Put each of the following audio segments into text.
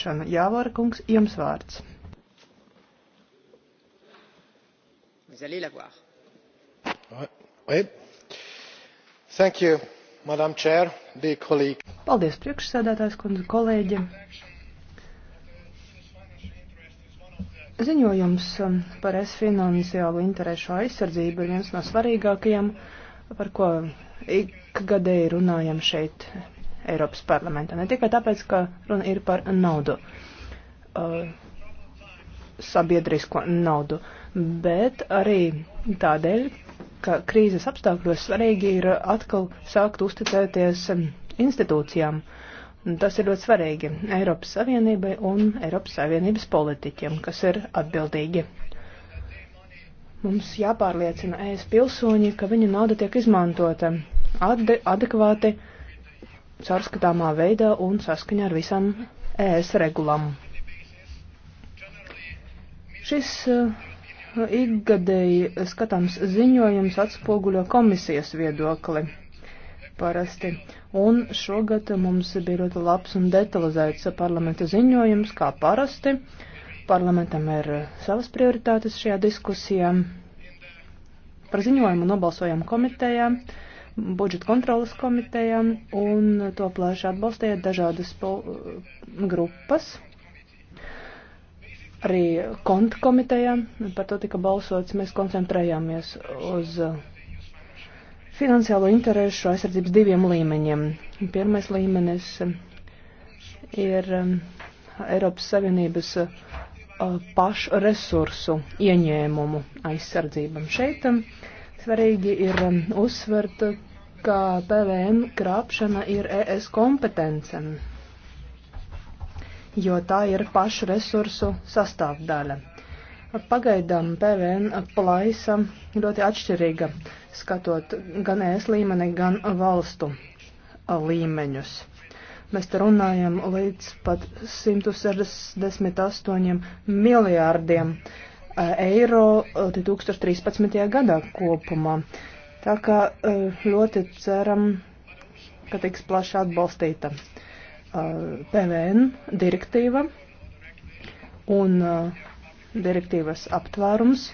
ieviešanu. Jāvara kungs, jums vārds. Thank you, Madam Chair, dear colleague. Paldies, priekšsēdētājs kundze, kolēģi. Ziņojums um, par es finansiālu interešu aizsardzību ir viens no svarīgākajiem, par ko ikgadēji runājam šeit Eiropas parlamentā. Ne tikai tāpēc, ka runa ir par naudu, uh, sabiedrisko naudu, bet arī tādēļ, ka krīzes apstākļos svarīgi ir atkal sākt uzticēties institūcijām. Tas ir ļoti svarīgi Eiropas Savienībai un Eiropas Savienības politiķiem, kas ir atbildīgi. Mums jāpārliecina ES pilsoņi, ka viņu nauda tiek izmantota ade adekvāti caurskatāmā veidā un saskaņā ar visām ES regulām. Šis uh, ikgadēji skatāms ziņojums atspoguļo komisijas viedokli parasti. Un šogad mums bija ļoti labs un detalizēts parlamenta ziņojums, kā parasti. Parlamentam ir eh, savas prioritātes šajā diskusijā. Par ziņojumu nobalsojam komitejā. Uh, budžeta kontrolas komitejām, un to plaši atbalstīja dažādas grupas, arī konta komitejām. Par to tika balsots. Mēs koncentrējāmies uz finansiālo interesu aizsardzības diviem līmeņiem. Pirmais līmenis ir um, Eiropas Savienības uh, pašu resursu ieņēmumu aizsardzībam šeitam. Um, Svarīgi ir um, uzsvert, ka PVN krāpšana ir ES kompetence, jo tā ir pašu resursu sastāvdaļa. Pagaidām PVN plaisa ļoti atšķirīga, skatot gan ES līmeni, gan valstu līmeņus. Mēs te runājam līdz pat 168 miljārdiem eiro eiro 2013. Eh, gadā kopumā. Tā kā eh, ļoti ceram, ka tiks plaši atbalstīta eh, PVN direktīva un direktīvas aptvērums.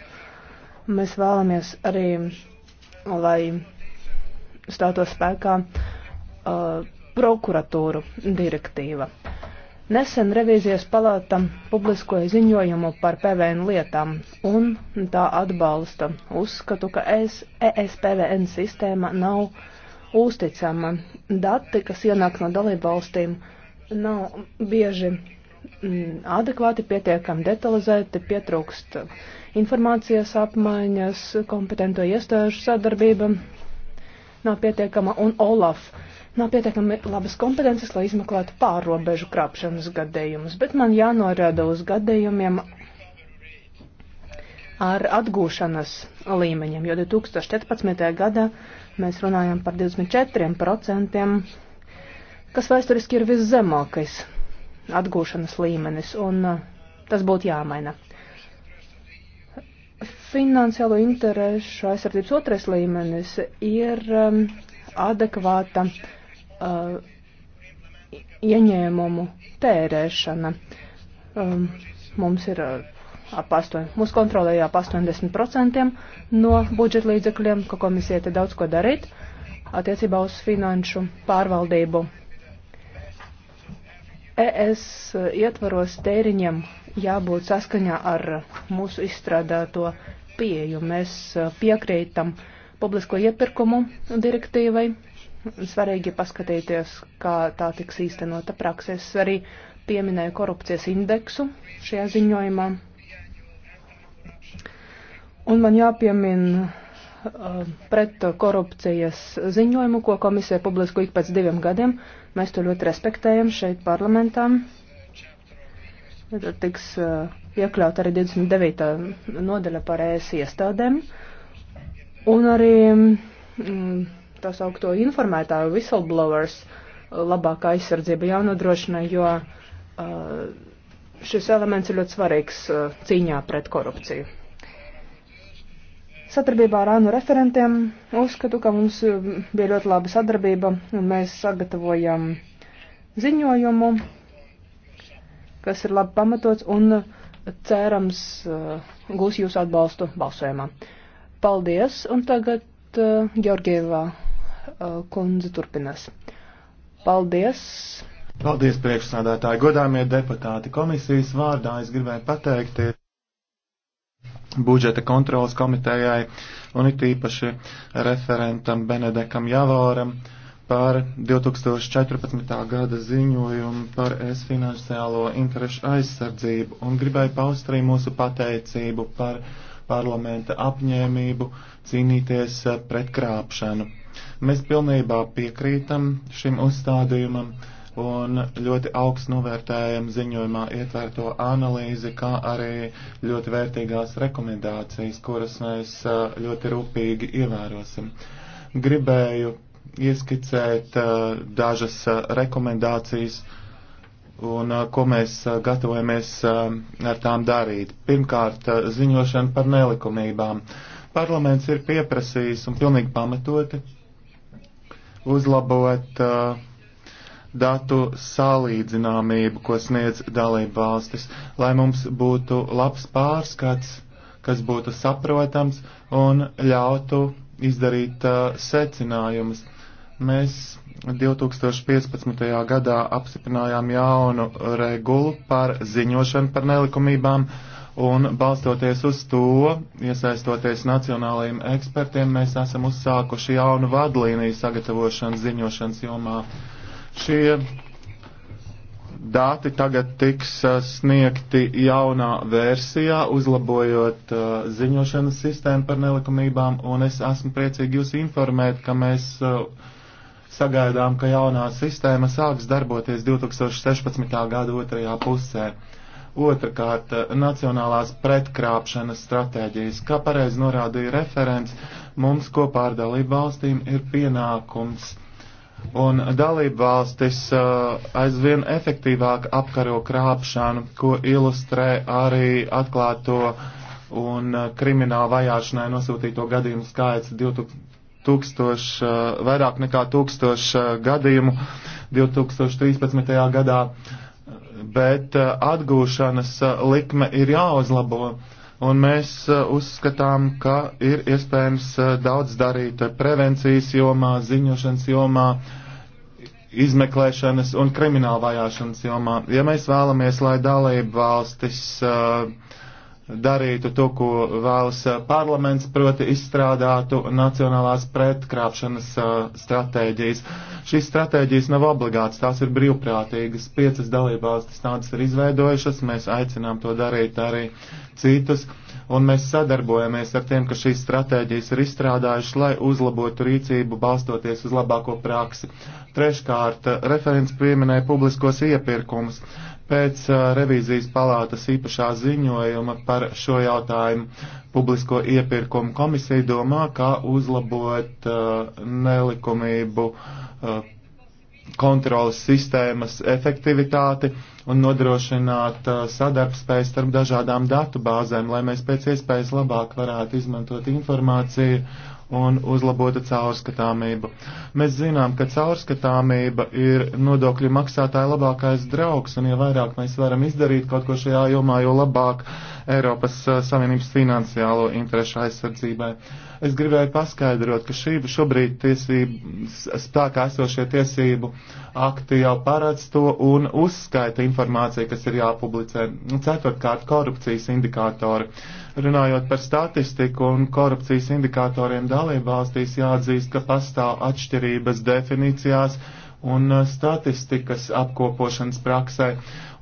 Mēs vēlamies arī, lai stātos spēkā prokuratūru direktīva. Uh, Nesen revīzijas palāta publiskoja ziņojumu par PVN lietām, un tā atbalsta uzskatu, ka es, ESPVN sistēma nav uzticama. Dati, kas ienāk no dalībvalstīm, nav bieži mm, adekvāti, pietiekami detalizēti, pietrūkst informācijas apmaiņas, kompetento iestāžu sadarbība nav pietiekama, un OLAF nav pietiekami labas kompetences, lai izmeklētu pārrobežu krāpšanas gadījumus, bet man jānorāda uz gadījumiem ar atgūšanas līmeņiem, jo 2014. gadā mēs runājam par 24%, kas vēsturiski ir viszemākais atgūšanas līmenis, un uh, tas būtu jāmaina. Finansiālo interešu aizsardzības otrais līmenis ir um, adekvāta uh, ieņēmumu tērēšana. Um, mums ir uh, ap 8, mūsu kontrolēja ap 80% no budžeta līdzekļiem, ka komisija te daudz ko darīt attiecībā uz finanšu pārvaldību. ES ietvaros tēriņiem jābūt saskaņā ar mūsu izstrādāto pieju. Mēs uh, piekrītam publisko iepirkumu direktīvai, Svarīgi paskatīties, kā tā tiks īstenota praksēs. Arī pieminēju korupcijas indeksu šajā ziņojumā. Un man jāpiemin uh, pret korupcijas ziņojumu, ko komisija publisko ik pēc diviem gadiem. Mēs to ļoti respektējam šeit parlamentā. Tad tiks uh, iekļaut arī 29. nodaļa par ES iestādēm. Un arī mm, tā saukto informētāju whistleblowers uh, labākā aizsardzība jānodrošina, jo uh, šis elements ir ļoti svarīgs uh, cīņā pret korupciju. Sadarbībā ar ANU referentiem uzskatu, ka mums uh, bija ļoti laba sadarbība un mēs sagatavojam ziņojumu, kas ir labi pamatots un uh, cerams uh, gūs jūsu atbalstu balsojumā. Paldies, un tagad uh, Georgievā Uh, kundze turpinās. Paldies! Paldies, priekšsādātāji, godāmie deputāti. Komisijas vārdā es gribēju pateikties budžeta kontrolas komitejai un it īpaši referentam Benedekam Javoram par 2014. gada ziņojumu par es finansiālo interešu aizsardzību un gribēju paust arī mūsu pateicību par parlamenta apņēmību cīnīties pret krāpšanu. Mēs pilnībā piekrītam šim uzstādījumam un ļoti augstu novērtējam ziņojumā ietvērto analīzi, kā arī ļoti vērtīgās rekomendācijas, kuras mēs ļoti rūpīgi ievērosim. Gribēju ieskicēt dažas rekomendācijas un ko mēs gatavojamies ar tām darīt. Pirmkārt, ziņošana par nelikumībām. Parlaments ir pieprasījis un pilnīgi pamatoti uzlabot uh, datu salīdzināmību, ko sniedz dalību valstis, lai mums būtu labs pārskats, kas būtu saprotams un ļautu izdarīt uh, secinājumus. Mēs 2015. gadā apstiprinājām jaunu regulu par ziņošanu par nelikumībām, uh, Un balstoties uz to, iesaistoties nacionālajiem ekspertiem, mēs esam uzsākuši jaunu vadlīniju sagatavošanas ziņošanas jomā. Šie dati tagad tiks sniegti jaunā versijā, uzlabojot uh, ziņošanas sistēmu par nelikumībām, un es esmu priecīgi jūs informēt, ka mēs uh, sagaidām, ka jaunā sistēma sāks darboties 2016. gada otrajā pusē. Otrakārt, eh, nacionālās pretkrāpšanas stratēģijas, kā pareizi norādīja referents, mums kopā ar dalību valstīm ir pienākums. Un dalību valstis eh, aizvien efektīvāk apkaro krāpšanu, ko ilustrē arī atklāto un eh, kriminālu vajāšanai nosūtīto gadījumu skaits 2000 tūkstoš, vairāk nekā tūkstoš gadījumu 2013. gadā bet eh, atgūšanas eh, likme ir jāuzlabo. Un mēs eh, uzskatām, ka ir iespējams daudz darīt prevencijas jomā, ziņošanas jomā, izmeklēšanas un krimināla vajāšanas jomā. Ja mēs vēlamies, lai dalība valstis uh, darītu to, ko vēlas eh, parlaments, proti izstrādātu nacionālās pretkrāpšanas uh, stratēģijas. Šīs stratēģijas nav obligātas, tās ir brīvprātīgas. Piecas dalībvalstis tādas ir izveidojušas, mēs aicinām to darīt arī citus. Uh, un mēs sadarbojamies ar tiem, kas šīs stratēģijas ir izstrādājuši, lai uzlabotu rīcību balstoties uz labāko praksi. Treškārt, referents pieminēja publiskos iepirkumus. Pēc uh, revīzijas palātas īpašā ziņojuma par šo jautājumu publisko iepirkumu komisija domā, kā uzlabot uh, nelikumību uh, kontrolas sistēmas efektivitāti un nodrošināt uh, sadarbspēju starp dažādām datu bāzēm, lai mēs pēc iespējas labāk varētu izmantot informāciju un uzlabota caurskatāmība. Mēs zinām, ka caurskatāmība ir nodokļu maksātāja labākais draugs, un jo ja vairāk mēs varam izdarīt kaut ko šajā jomā, jo labāk uh, Eiropas Savienības finansiālo interešu aizsardzībai. Es gribēju paskaidrot, ka šī šobrīd tiesību, spēkā esošie tiesību akti jau paredz to un uzskaita informāciju, kas ir jāpublicē. Nu, ceturtkārt, korupcijas indikātori. Runājot par statistiku un korupcijas indikātoriem dalībvalstīs, jāatzīst, ka pastāv atšķirības definīcijās un uh, statistikas apkopošanas praksē.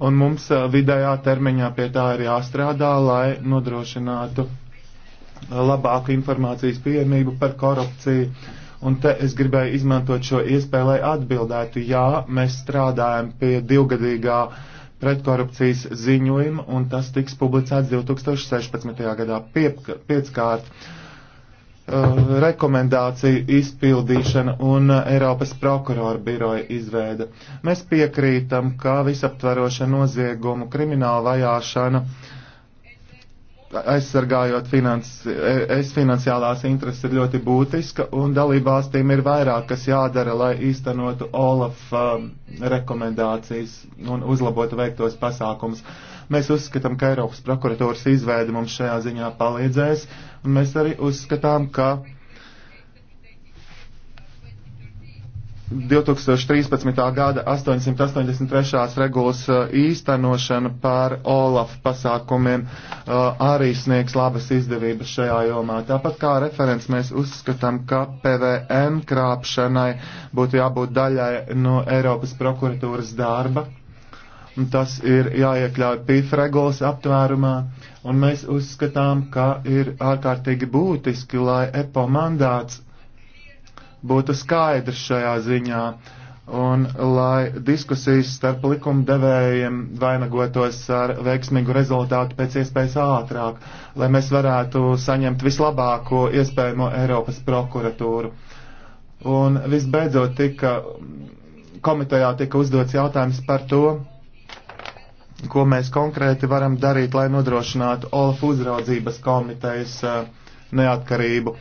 Un mums uh, vidējā termiņā pie tā ir jāstrādā, lai nodrošinātu uh, labāku informācijas pieejamību par korupciju. Un te es gribēju izmantot šo iespēju, lai atbildētu, jā, mēs strādājam pie divgadīgā pretkorupcijas ziņojuma, un tas tiks publicēts 2016. gadā pieckārt. Pie Um, rekomendāciju izpildīšana un uh, Eiropas prokurora biroja izveida. Mēs piekrītam, ka visaptveroša noziegumu krimināla vajāšana, aizsargājot finans, es finansiālās intereses, ir ļoti būtiska, un dalībvalstīm ir vairāk, kas jādara, lai īstenotu Olaf um, rekomendācijas un uzlabotu veiktos pasākumus. Uh, Mēs uzskatām, ka Eiropas prokuratūras izveide mums šajā ziņā palīdzēs, un mēs arī uzskatām, ka 2013. gada 883. regulas uh, īstenošana par OLAF pasākumiem uh, arī sniegs labas izdevības šajā jomā. Tāpat kā referents mēs uzskatām, ka PVN krāpšanai būtu jābūt daļai no Eiropas prokuratūras darba Tas ir jāiekļauj PIF regulas aptvērumā, un mēs uzskatām, ka ir ārkārtīgi būtiski, lai EPO mandāts būtu skaidrs šajā ziņā un lai diskusijas starp likumdevējiem vainagotos ar veiksmīgu rezultātu pēc iespējas ātrāk, lai mēs varētu saņemt vislabāko iespējamo Eiropas prokuratūru. Un visbeidzot tika komitejā tika uzdots jautājums par to, ko mēs konkrēti varam darīt, lai nodrošinātu OLAF uzraudzības komitejas eh, neatkarību.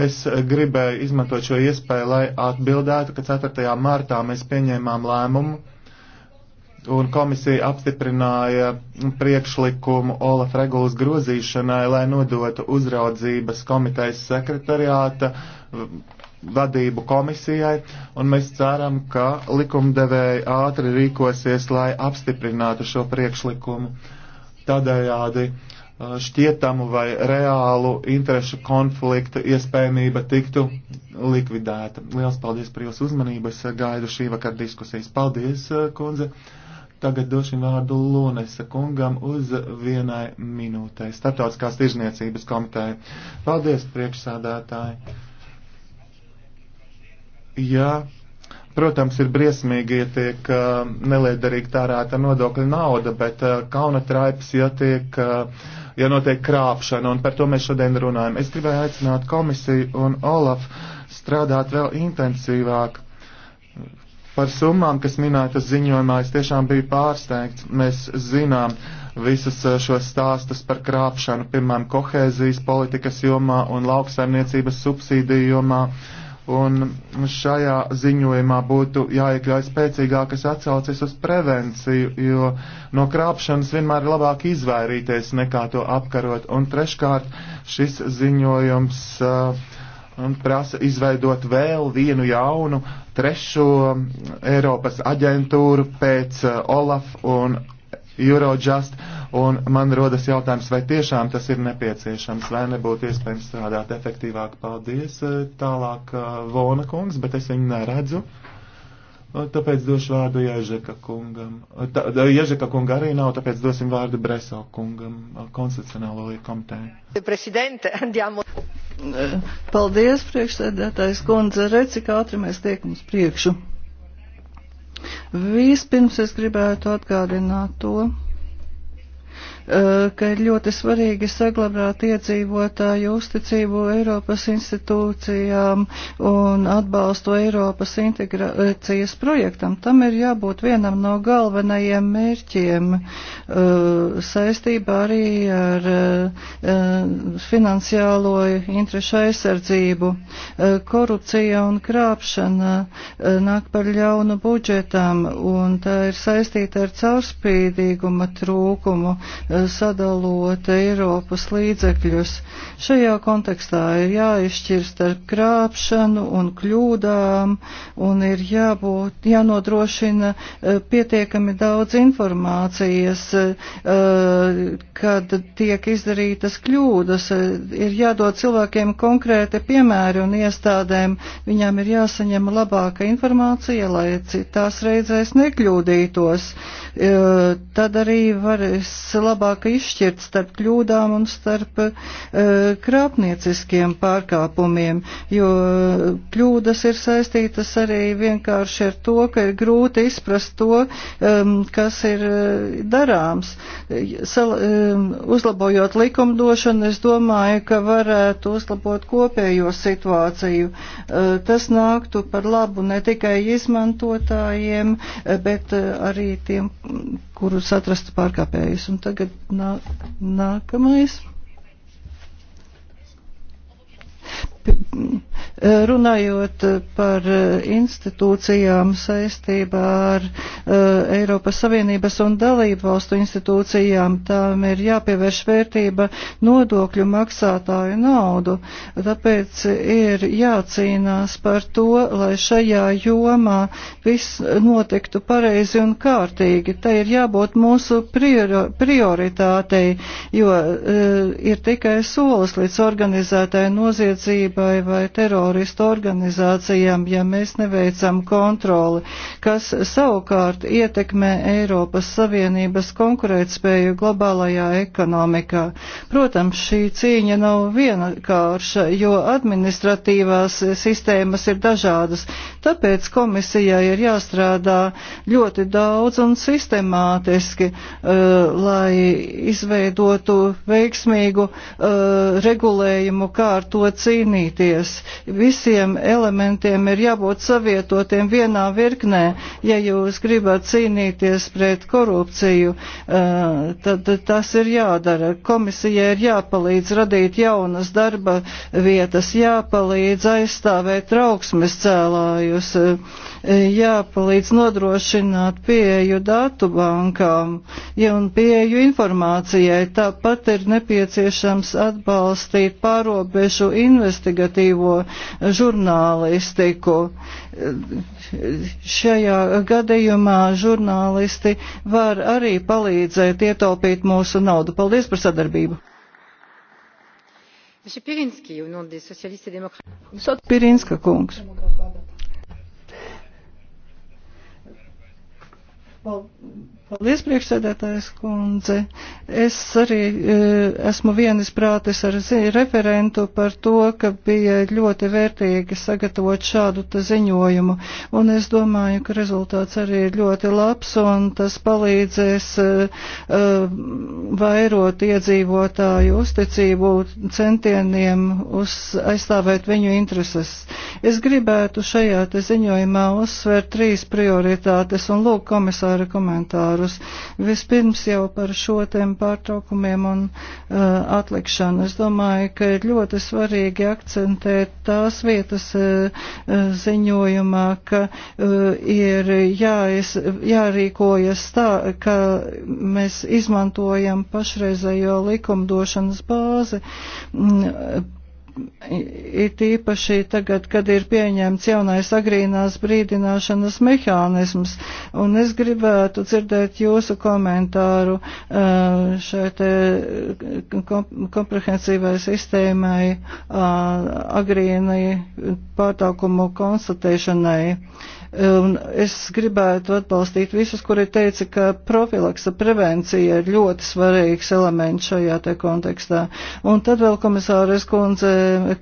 Es gribēju izmantot šo iespēju, lai atbildētu, ka 4. martā mēs pieņēmām lēmumu un komisija apstiprināja priekšlikumu Olaf regulas grozīšanai, lai nodotu uzraudzības komitejas sekretariāta vadību komisijai, un mēs ceram, ka likumdevēji ātri rīkosies, lai apstiprinātu šo priekšlikumu. Tādējādi šķietamu vai reālu interešu konflikta iespējamība tiktu likvidēta. Lielas paldies par jūsu uzmanību. Es gaidu šī vakar diskusijas. Paldies, kundze. Tagad došim vārdu Lunesa kungam uz vienai minūtei. Startautiskās tirzniecības komitē. Paldies, priekšsādātāji. Jā, protams, ir briesmīgi, ja tiek uh, neliederīgi tērēta nodokļa nauda, bet uh, kauna traips, ja tiek, uh, ja notiek krāpšana, un par to mēs šodien runājam. Es gribēju aicināt komisiju un Olaf strādāt vēl intensīvāk. Par summām, kas minētas ziņojumā, es tiešām biju pārsteigts. Mēs zinām visus uh, šos stāstus par krāpšanu, piemēram, kohēzijas politikas jomā un lauksaimniecības subsīdiju jomā. Uh, Un šajā ziņojumā būtu jāiekļauj spēcīgākas atsauces uz prevenciju, jo no krāpšanas vienmēr ir labāk izvairīties nekā to apkarot. Un treškārt, šis ziņojums uh, prasa izveidot vēl vienu jaunu trešo Eiropas aģentūru pēc uh, Olaf un Eurojust, un man rodas jautājums, vai tiešām tas ir nepieciešams, vai nebūtu iespējams strādāt efektīvāk. Paldies, eh, tālāk eh, Vona kungs, bet es viņu neredzu. Eh, tāpēc došu vārdu Ježeka kungam. Tā, Ježeka kunga arī nav, tāpēc dosim vārdu Breso kungam, konstitucionālo komiteju. Paldies, priekšsēdētājs kundze. Redzi, kā ātri mēs tiekam uz priekšu. Vispirms es gribētu atgādināt to, Eh, ka ir ļoti svarīgi saglabāt iedzīvotāju uzticību Eiropas institūcijām un atbalstu Eiropas integrācijas projektam. Tam ir jābūt vienam no galvenajiem mērķiem eh, saistībā arī ar eh, finansiālo interešu aizsardzību. Korupcija un krāpšana nāk par ļaunu budžetam un tā ir saistīta ar caurspīdīguma trūkumu sadalot Eiropas līdzekļus. Šajā kontekstā ir jāizšķir starp krāpšanu un kļūdām un ir jābūt, jānodrošina eh, pietiekami daudz informācijas, eh, kad tiek izdarītas kļūdas. Ir jādod cilvēkiem konkrēti piemēri un iestādēm. Viņām ir jāsaņem labāka informācija, lai citās reizēs nekļūdītos. Eh, tad arī varēs labāk labāk izšķirt starp kļūdām un starp eh, krāpnieciskiem pārkāpumiem, jo eh, kļūdas ir saistītas arī vienkārši ar to, ka ir grūti izprast to, ehm, kas ir eh, darāms. Sal, ehm, uzlabojot likumdošanu, es domāju, ka varētu uzlabot kopējo situāciju. Tas nāktu par labu ne tikai izmantotājiem, bet arī tiem kurus atrastu pārkāpējus. Un tagad nā, nākamais. Runājot par eh, institūcijām saistībā ar eh, Eiropas Savienības un dalību valstu institūcijām, tām ir jāpievērš vērtība nodokļu maksātāju naudu. Tāpēc ir jācīnās par to, lai šajā jomā viss notiktu pareizi un kārtīgi. Tā ir jābūt mūsu priori prioritātei, jo eh, ir tikai solis līdz organizētai noziedzībai vai terorismam teroristu organizācijām, ja mēs neveicam kontroli, kas savukārt ietekmē Eiropas Savienības konkurētspēju globālajā ekonomikā. Protams, šī cīņa nav vienkārša, jo administratīvās sistēmas ir dažādas, tāpēc komisijai ir jāstrādā ļoti daudz un sistemātiski, eh, lai izveidotu veiksmīgu eh, regulējumu, kā ar to cīnīties visiem elementiem ir jābūt savietotiem vienā virknē. Ja jūs gribat cīnīties pret korupciju, eh, tad tas ir jādara. Komisijai ir jāpalīdz radīt jaunas darba vietas, jāpalīdz aizstāvēt trauksmes cēlājus jāpalīdz nodrošināt pieeju datu bankām ja un pieeju informācijai. Tāpat ir nepieciešams atbalstīt pārobežu investigatīvo žurnālistiku. Šajā gadījumā žurnālisti var arī palīdzēt ietaupīt mūsu naudu. Paldies par sadarbību! Pirinska kungs. Bal Paldies, priekšsēdētājs kundze. Es arī e, esmu vienisprātis ar referentu par to, ka bija ļoti vērtīgi sagatavot šādu ziņojumu. Un es domāju, ka rezultāts arī ir ļoti labs un tas palīdzēs e, e, vairot iedzīvotāju uzticību centieniem uz aizstāvēt viņu intereses. Es gribētu šajā ziņojumā uzsvērt trīs prioritātes un lūk komisāra komentāru ciparus. Vispirms jau par šo tiem pārtraukumiem un uh, atlikšanu. Es domāju, ka ir ļoti svarīgi akcentēt tās vietas uh, uh ziņojumā, ka uh, ir jāiz, jārīkojas tā, ka mēs izmantojam pašreizējo likumdošanas bāzi. Mm, it īpaši tagad, kad ir pieņemts jaunais agrīnās brīdināšanas mehānisms, un es gribētu dzirdēt jūsu komentāru eh, šai te eh, komprehensīvai sistēmai eh, agrīnai pārtraukumu konstatēšanai. Un es gribētu atbalstīt visus, kuri teica, ka profilaksa prevencija ir ļoti svarīgs elements šajā te kontekstā. Un tad vēl komisāres kundze,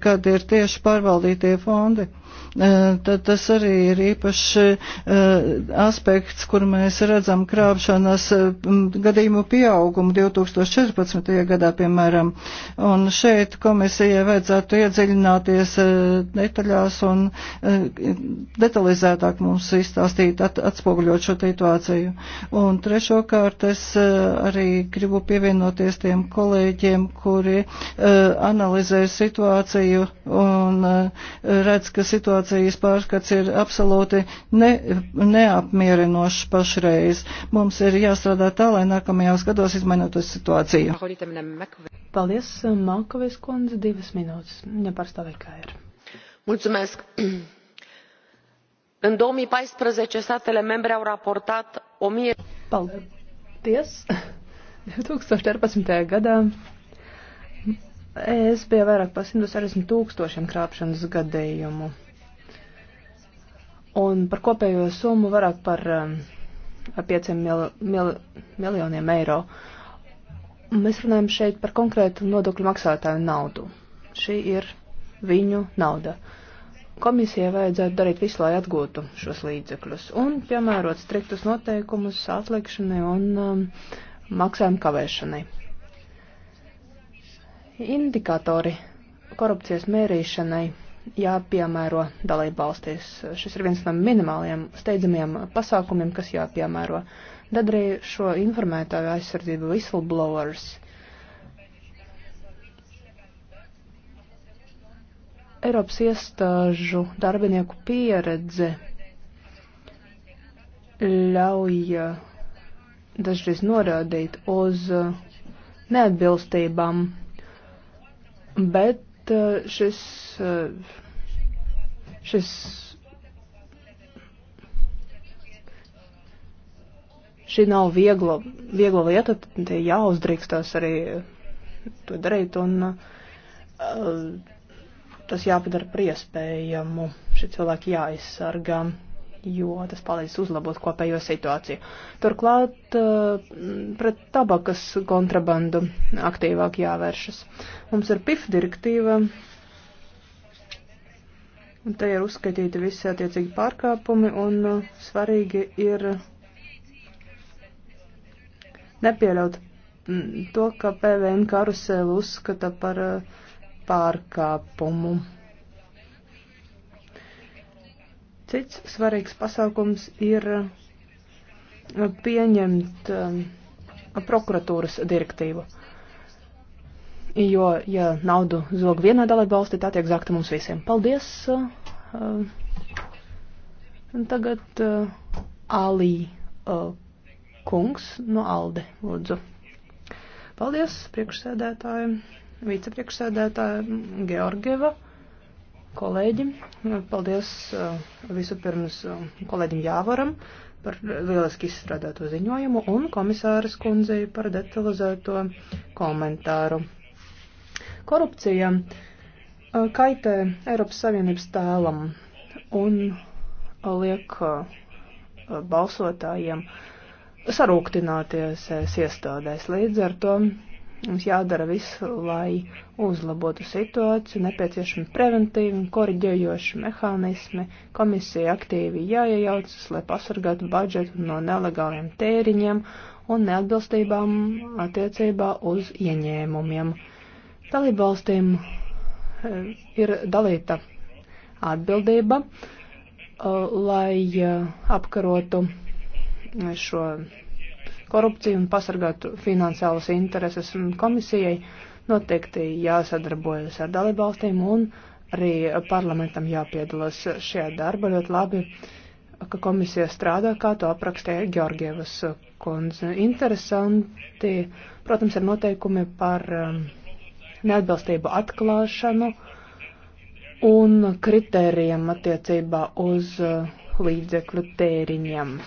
kad ir tieši pārvaldītie fondi eh, tad tas arī ir īpaši eh, aspekts, kur mēs redzam krāpšanas eh, gadījumu pieaugumu 2014. gadā, piemēram. Un šeit komisijai vajadzētu iedziļināties detaļās un detalizētāk varētu mums izstāstīt, at, atspoguļot šo situāciju. Un trešokārt es eh, arī gribu pievienoties tiem kolēģiem, kuri eh, analizē situāciju un eh, redz, ka situācijas pārskats ir absolūti ne, neapmierinošs pašreiz. Mums ir jāstrādā tā, lai nākamajos gados izmainotos situāciju. Paldies, Malkovies kundze, divas minūtes. Nepārstāvīgi kā ir. Mulțumesc! în două mii paisprezece statele membre au raportat o mie. Paldies! 2014. gadā es biju vairāk par 160 tūkstošiem krāpšanas gadījumu. Un par kopējo summu vairāk par 5 um, mil, mil, miljoniem eiro. Mēs runājam šeit par konkrētu nodokļu maksātāju naudu. Šī ir viņu nauda. Uh, Komisijai vajadzētu darīt visu, lai atgūtu šos līdzekļus un piemērot striktus noteikumus atlikšanai un um, maksājumu kavēšanai. Indikatori korupcijas mērīšanai jāpiemēro dalībvalstīs. Šis ir viens no minimāliem steidzamiem pasākumiem, kas jāpiemēro. Tad arī šo informētāju aizsardzību whistleblowers Eiropas iestāžu darbinieku pieredze ļauj eh, dažreiz norādīt uz eh, neatbilstībām, bet eh, šis, šis šī nav viegla, viegla lieta, tie jāuzdrīkstās arī to darīt. Un, uh, tas jāpadara par iespējamu. Šie cilvēki jāaizsargā, jo tas palīdz uzlabot kopējo situāciju. Turklāt eh, pret tabakas kontrabandu aktīvāk jāvēršas. Mums ir PIF direktīva. Un te ir uzskaitīti visi attiecīgi pārkāpumi, un eh, svarīgi ir nepieļaut mm, to, ka PVN karuseli uzskata par uh, pārkāpumu. Cits svarīgs pasākums ir pieņemt um, prokuratūras direktīvu. Jo, ja naudu zog vienā dalība valstī, tā tiek zakta mums visiem. Paldies! Uh, um, tagad uh, Alī uh, kungs no Alde, lūdzu. Paldies, priekšsēdētāji! vicepriekšsēdētāja Georgieva, kolēģi. Paldies uh, visupirms uh, kolēģim Jāvaram par lieliski izstrādāto ziņojumu un komisāras kundzei par detalizēto komentāru. Korupcija uh, kaitē Eiropas Savienības tēlam un liek balsotājiem sarūktināties iestādēs. Līdz ar to Mums jādara viss, lai uzlabotu situāciju, nepieciešami preventīvi un koriģējoši mehānismi. Komisija aktīvi jāiejaucas, lai pasargātu budžetu no nelegāliem tēriņiem un neatbilstībām attiecībā uz ieņēmumiem. Dalībvalstīm eh, ir dalīta atbildība, eh, lai eh, apkarotu šo korupciju un pasargātu finansiālas intereses komisijai. Noteikti jāsadarbojas ar dalībvalstīm un arī parlamentam jāpiedalās šajā darba ļoti labi, ka komisija strādā, kā to aprakstīja Georgievas kundze. Interesanti, protams, ir noteikumi par um, neatbilstību atklāšanu un kritērijiem attiecībā uz uh, līdzekļu tēriņiem.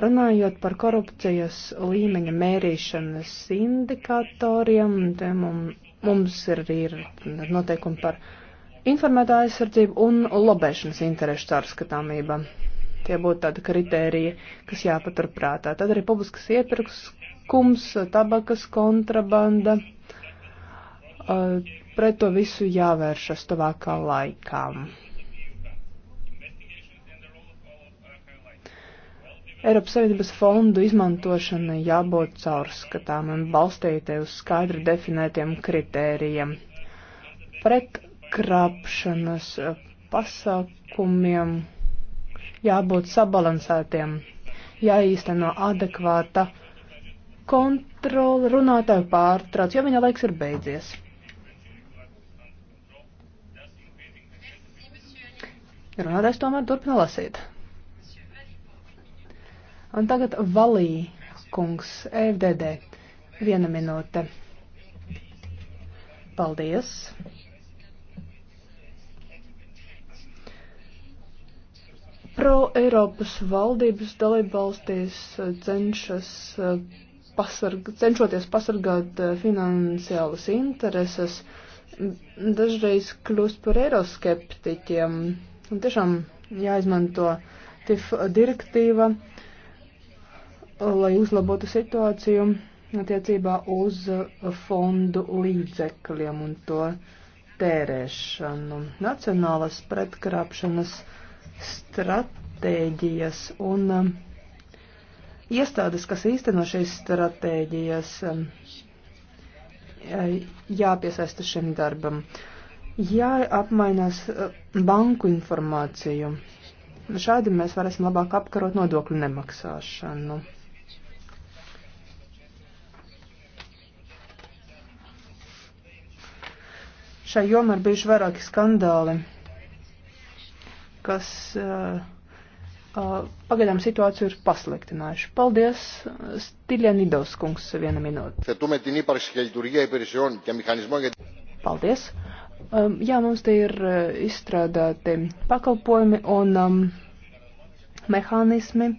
Runājot par korupcijas līmeņa mērīšanas indikatoriem, mums ir arī noteikumi par informētā aizsardzību un lobēšanas interešu caurskatāmība. Tie būtu tādi kritēriji, kas jāpaturprātā. Tad arī publiskas iepirkums, tabakas kontrabanda. Pret to visu jāvēršas tuvākā laikā. Eiropas Savienības fondu izmantošana jābūt caurskatām un balstītai uz skaidri definētiem kritērijiem. Pret krāpšanas pasākumiem jābūt sabalansētiem, jāīsteno adekvāta kontrola runātāju pārtrauc, jo viņa laiks ir beidzies. Runātājs tomēr turpina lasīt. Un tagad Valī kungs, FDD. Viena minūte. Paldies. Pro-Eiropas valdības dalībvalstīs cenšas pasarg cenšoties pasargāt finansiālas intereses, dažreiz kļūst par eiroskeptiķiem. Un tiešām jāizmanto TIF direktīva lai uzlabotu situāciju attiecībā uz fondu līdzekļiem un to tērēšanu. Nacionālas pretkrāpšanas stratēģijas un um, iestādes, kas īsteno šīs stratēģijas, um, jāpiesaista šim darbam. Jāapmainās uh, banku informāciju. Šādi mēs varēsim labāk apkarot nodokļu nemaksāšanu. Šai jomā ir bijuši vairāki skandāli, kas uh, uh, pagaidām situāciju ir pasliktinājuši. Paldies, Stiljanidos kungs, viena minūte. Paldies. Um, jā, mums te ir uh, izstrādāti pakalpojumi un um, mehānismi,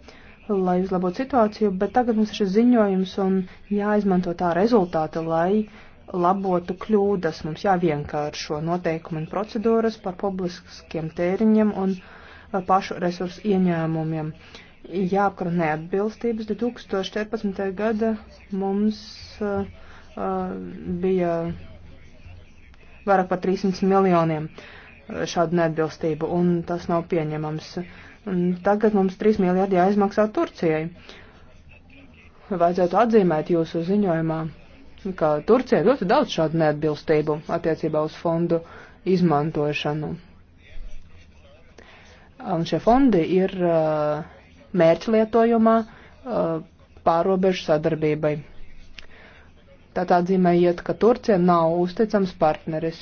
lai uzlabotu situāciju, bet tagad mums ir šis ziņojums un jāizmanto tā rezultāti, lai uh, labotu kļūdas. Mums jāvienkāršo noteikumi un procedūras par publiskiem tēriņiem un uh, pašu resursu ieņēmumiem. Jāapkar neatbilstības 2014. gada mums uh, uh, bija vairāk par 300 miljoniem uh, šādu neatbilstību, un tas nav pieņemams. Tagad mums 3 miljardi jāizmaksā Turcijai. Vajadzētu atzīmēt jūsu ziņojumā ka Turcija ļoti daudz šādu neatbilstību attiecībā uz fondu izmantošanu. Un šie fondi ir uh, mērķlietojumā uh, pārobežu sadarbībai. Tā tā dzīmē iet, ka Turcija nav uzticams partneris.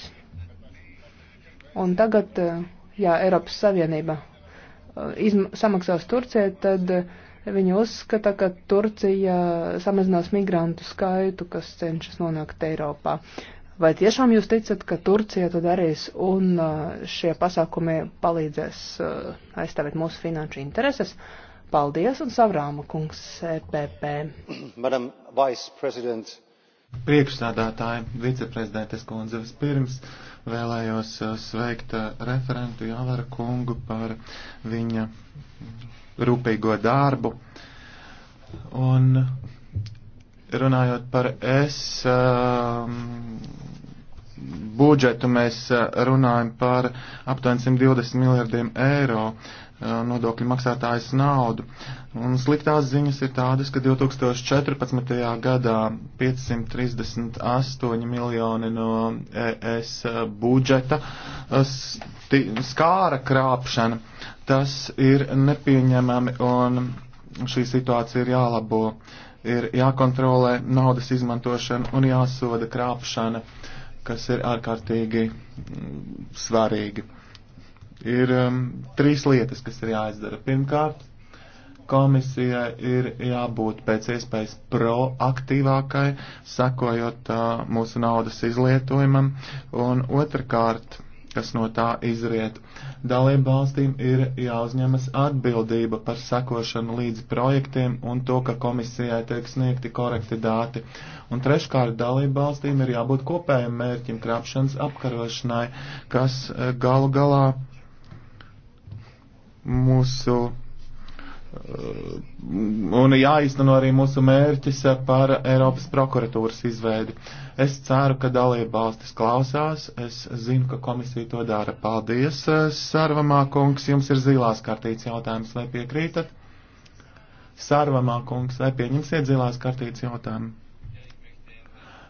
Un tagad, uh, ja Eiropas Savienība uh, samaksās Turcijai, tad uh, Viņi uzskata, ka Turcija samazinās migrantu skaitu, kas cenšas nonākt Eiropā. Vai tiešām jūs ticat, ka Turcija to darīs un uh, šie pasākumi palīdzēs uh, aizstāvēt mūsu finanšu intereses? Paldies un savrāma kungs EPP. Madam Vice President. Priekšstādātāji, viceprezidentes kundze, vispirms vēlējos uh, sveikt referentu Jāvara kungu par viņa rūpīgo darbu. Un runājot par es um, budžetu, mēs uh, runājam par aptuveni 120 miljardiem eiro uh, nodokļu maksātājas naudu. Un sliktās ziņas ir tādas, ka 2014. gadā 538 miljoni no ES budžeta uh, skāra krāpšana. Tas ir nepieņemami un šī situācija ir jālabo. Ir jākontrolē naudas izmantošana un jāsoda krāpšana, kas ir ārkārtīgi mm, svarīgi. Ir um, trīs lietas, kas ir jāizdara. Pirmkārt, komisija ir jābūt pēc iespējas proaktīvākai, sakojot uh, mūsu naudas izlietojumam, un otrkārt kas no tā izriet. Dalību valstīm ir jāuzņemas atbildība par sekošanu līdz projektiem un to, ka komisijai tiek sniegti korekti dāti. Un treškārt, dalību valstīm ir jābūt kopējiem mērķim krāpšanas apkarošanai, kas eh, galu galā mūsu un jāizteno arī mūsu mērķis par Eiropas prokuratūras izveidi. Es ceru, ka dalība valstis klausās, es zinu, ka komisija to dara. Paldies, Sarvamā kungs, jums ir zilās kartītes jautājums, vai piekrītat? Sarvamā kungs, vai pieņemsiet zilās kartītes jautājumu?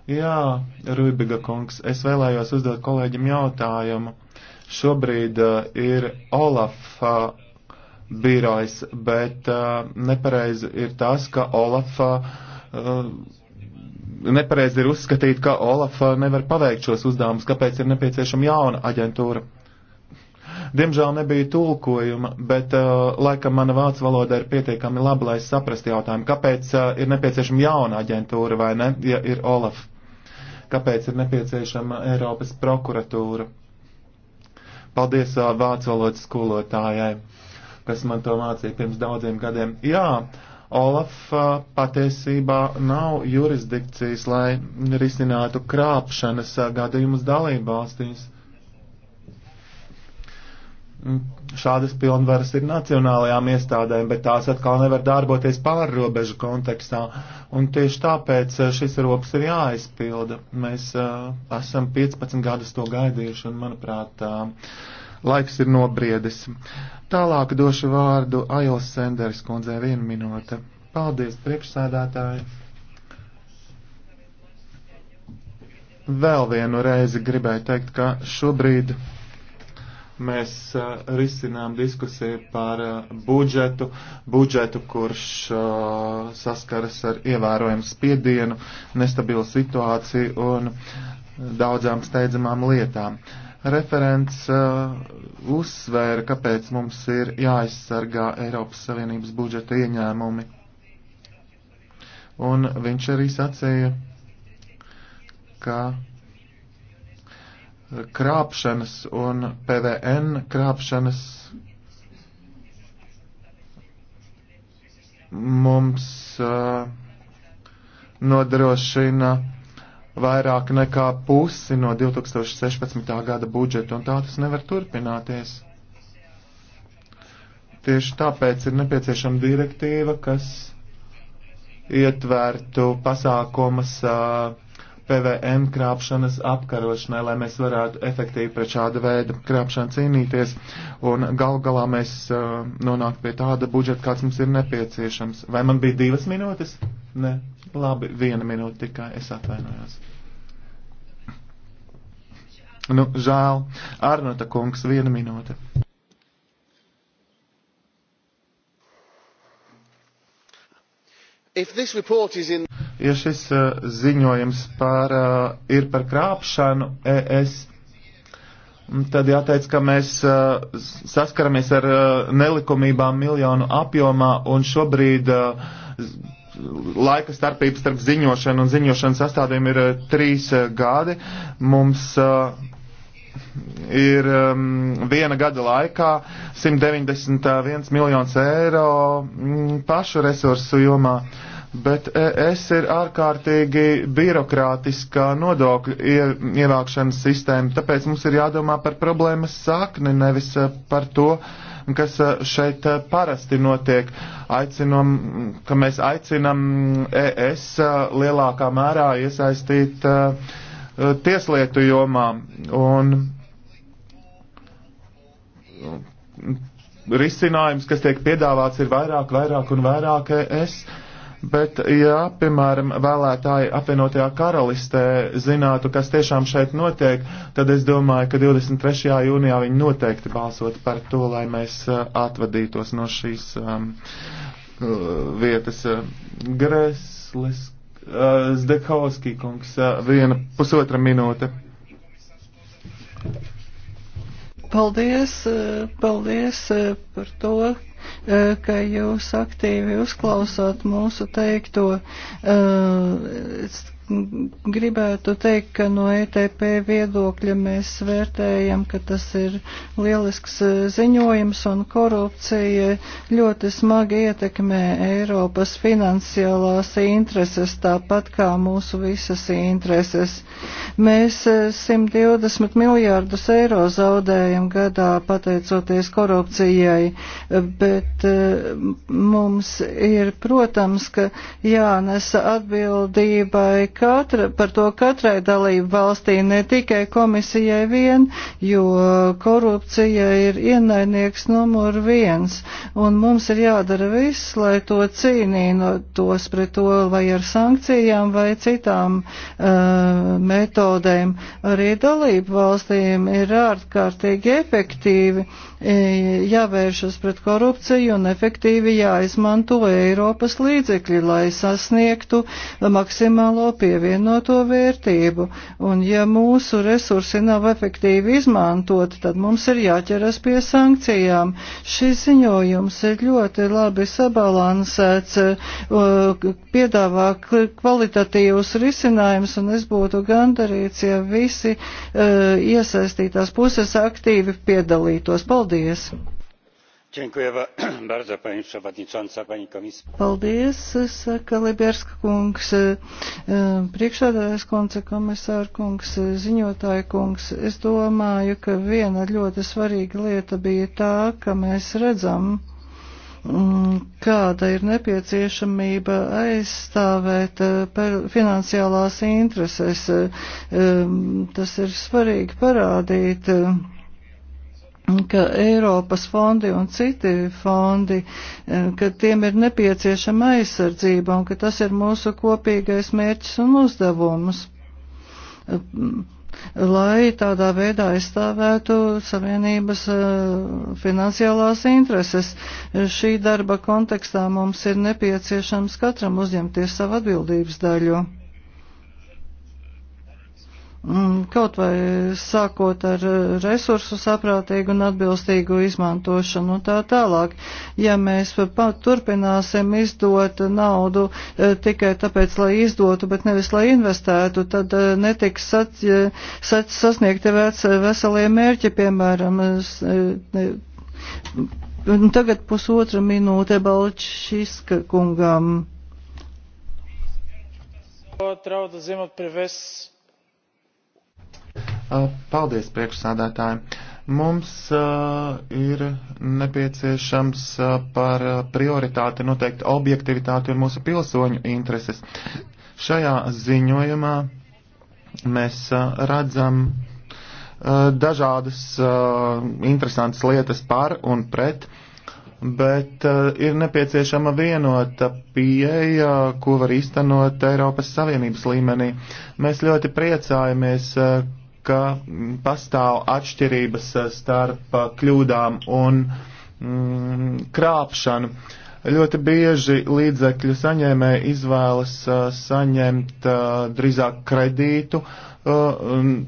Jā, Rubiga kungs, es vēlējos uzdot kolēģim jautājumu. Šobrīd uh, ir Olaf uh, birojs, bet uh, nepareizi ir tas, ka Olafa. Uh, Nepareizi ir uzskatīt, ka Olaf nevar paveikt šos uzdevumus, kāpēc ir nepieciešama jauna aģentūra. Diemžēl nebija tulkojuma, bet uh, laikam mana vācu valoda ir pietiekami laba, lai saprastu jautājumu, kāpēc uh, ir nepieciešama jauna aģentūra vai ne, ja ir Olaf. Kāpēc ir nepieciešama Eiropas prokuratūra? Paldies uh, vācu valodas skolotājai kas man to mācīja pirms daudziem gadiem. Jā, Olaf patiesībā nav jurisdikcijas, lai risinātu krāpšanas gadījumus dalībvalstīs. Šādas pilnvaras ir nacionālajām iestādēm, bet tās atkal nevar darboties pārrobežu kontekstā. Un tieši tāpēc šis rops ir jāaizpilda. Mēs uh, esam 15 gadus to gaidījuši, un manuprāt, uh, Laiks ir nobriedis. Tālāk došu vārdu Ailes Sanders kundzei vienu minūte. Paldies, priekšsēdētāji! Vēl vienu reizi gribēju teikt, ka šobrīd mēs uh, risinām diskusiju par uh, budžetu, budžetu, kurš uh, saskaras ar ievērojumu spiedienu, nestabilu situāciju un daudzām steidzamām lietām. Uh, Referents uh, uzsvēra, kāpēc mums ir jāaizsargā Eiropas Savienības budžeta ieņēmumi. Un viņš arī sacīja, ka krāpšanas un PVN krāpšanas mums uh, nodrošina vairāk nekā pusi no 2016. gada budžeta, un tā tas nevar turpināties. Tieši tāpēc ir nepieciešama direktīva, kas ietvērtu pasākumas uh, PVN krāpšanas apkarošanai, lai mēs varētu efektīvi pret šāda veida krāpšanu cīnīties, un gal galā mēs uh, nonāktu pie tāda budžeta, kāds mums ir nepieciešams. Vai man bija divas minūtes? Nē. Ne. Labi, viena minūte tikai, es atvainojos. Nu, žēl. Arnota kungs, viena minūte. In... Ja šis uh, ziņojums par, uh, ir par krāpšanu ES, tad jāteic, ka mēs uh, saskaramies ar uh, nelikumībām miljonu apjomā un šobrīd uh, laika starpība starp ziņošanu un ziņošanas sastādiem ir eh, trīs eh, gadi. Mums eh, ir um, viena gada laikā 191 miljonus eiro mm, pašu resursu jomā. Uh, bet ES ir ārkārtīgi birokrātiskā nodokļu ievākšanas sistēma, tāpēc mums ir jādomā par problēmas sakni, nevis eh, par to, kas eh, šeit eh, parasti notiek. Aicinam, ka mēs aicinam ES e lielākā mērā iesaistīt tieslietu jomā un mm, risinājums, kas tiek piedāvāts, ir vairāk, vairāk un vairāk ES. Bet, ja, piemēram, vēlētāji apvienotajā karalistē zinātu, kas tiešām šeit notiek, tad es domāju, ka 23. jūnijā viņi noteikti balsot par to, lai mēs eh, atvadītos no šīs um, eh, vietas. Gresles, uh, eh, Zdekovski kungs, uh, viena pusotra minūte. Paldies, paldies par to, Eh, ka jūs aktīvi uzklausāt mūsu teikto. Eh, Mm, gribētu teikt, ka no ETP viedokļa mēs vērtējam, ka tas ir lielisks e, ziņojums un korupcija ļoti smagi ietekmē Eiropas finansiālās intereses, tāpat kā mūsu visas intereses. Mēs 120 e, miljārdus eiro zaudējam gadā pateicoties korupcijai, bet e, mums ir, protams, ka jānesa atbildībai, katra, par to katrai dalību valstī, ne tikai komisijai vien, jo korupcija ir ienaidnieks numur viens, un mums ir jādara viss, lai to cīnītos pret to vai ar sankcijām vai citām uh, metodēm. Arī dalību valstīm ir ārkārtīgi efektīvi e, jāvēršas pret korupciju un efektīvi jāizmanto Eiropas līdzekļi, lai sasniegtu maksimālo pievienoto vērtību. Un ja mūsu resursi nav efektīvi izmantoti, tad mums ir jāķeras pie sankcijām. Šis ziņojums ir ļoti labi sabalansēts, uh, piedāvā kvalitatīvus risinājumus, un es būtu gandarīts, ja visi uh, iesaistītās puses aktīvi piedalītos. Paldies! Paldies, saka Liberska kungs, e, priekšādājas konce komisāra kungs, ziņotāja kungs. Es domāju, ka viena ļoti svarīga lieta bija tā, ka mēs redzam, mm, kāda ir nepieciešamība aizstāvēt e, finansiālās intereses. E, tas ir svarīgi parādīt ka Eiropas fondi un citi fondi, e, ka tiem ir nepieciešama aizsardzība un ka tas ir mūsu kopīgais mērķis un uzdevums e, lai tādā veidā aizstāvētu Savienības e, finansiālās intereses. Šī darba kontekstā mums ir nepieciešams katram uzņemties savu atbildības daļu. Mm, kaut vai sākot ar eh, resursu saprātīgu un atbilstīgu izmantošanu un tā tālāk. Ja mēs turpināsim izdot naudu eh, tikai tāpēc, lai izdotu, bet nevis lai investētu, tad eh, netiks sac, sac, sasniegti veselie mērķi, piemēram, tagad pusotra minūte Balčiska kungam. Трябва да вземат превес Uh, paldies, priekšsādātāji. Mums uh, ir nepieciešams uh, par prioritāti noteikti objektivitāti un mūsu pilsoņu intereses. Šajā ziņojumā mēs redzam dažādas interesantas lietas par un pret bet uh, ir nepieciešama vienota pieeja, ko var iztenot Eiropas Savienības līmenī. Mēs ļoti priecājamies, uh, ka pastāv atšķirības starp kļūdām un mm, krāpšanu. Ļoti bieži līdzekļu saņēmēji izvēlas uh, saņemt uh, drīzāk kredītu uh,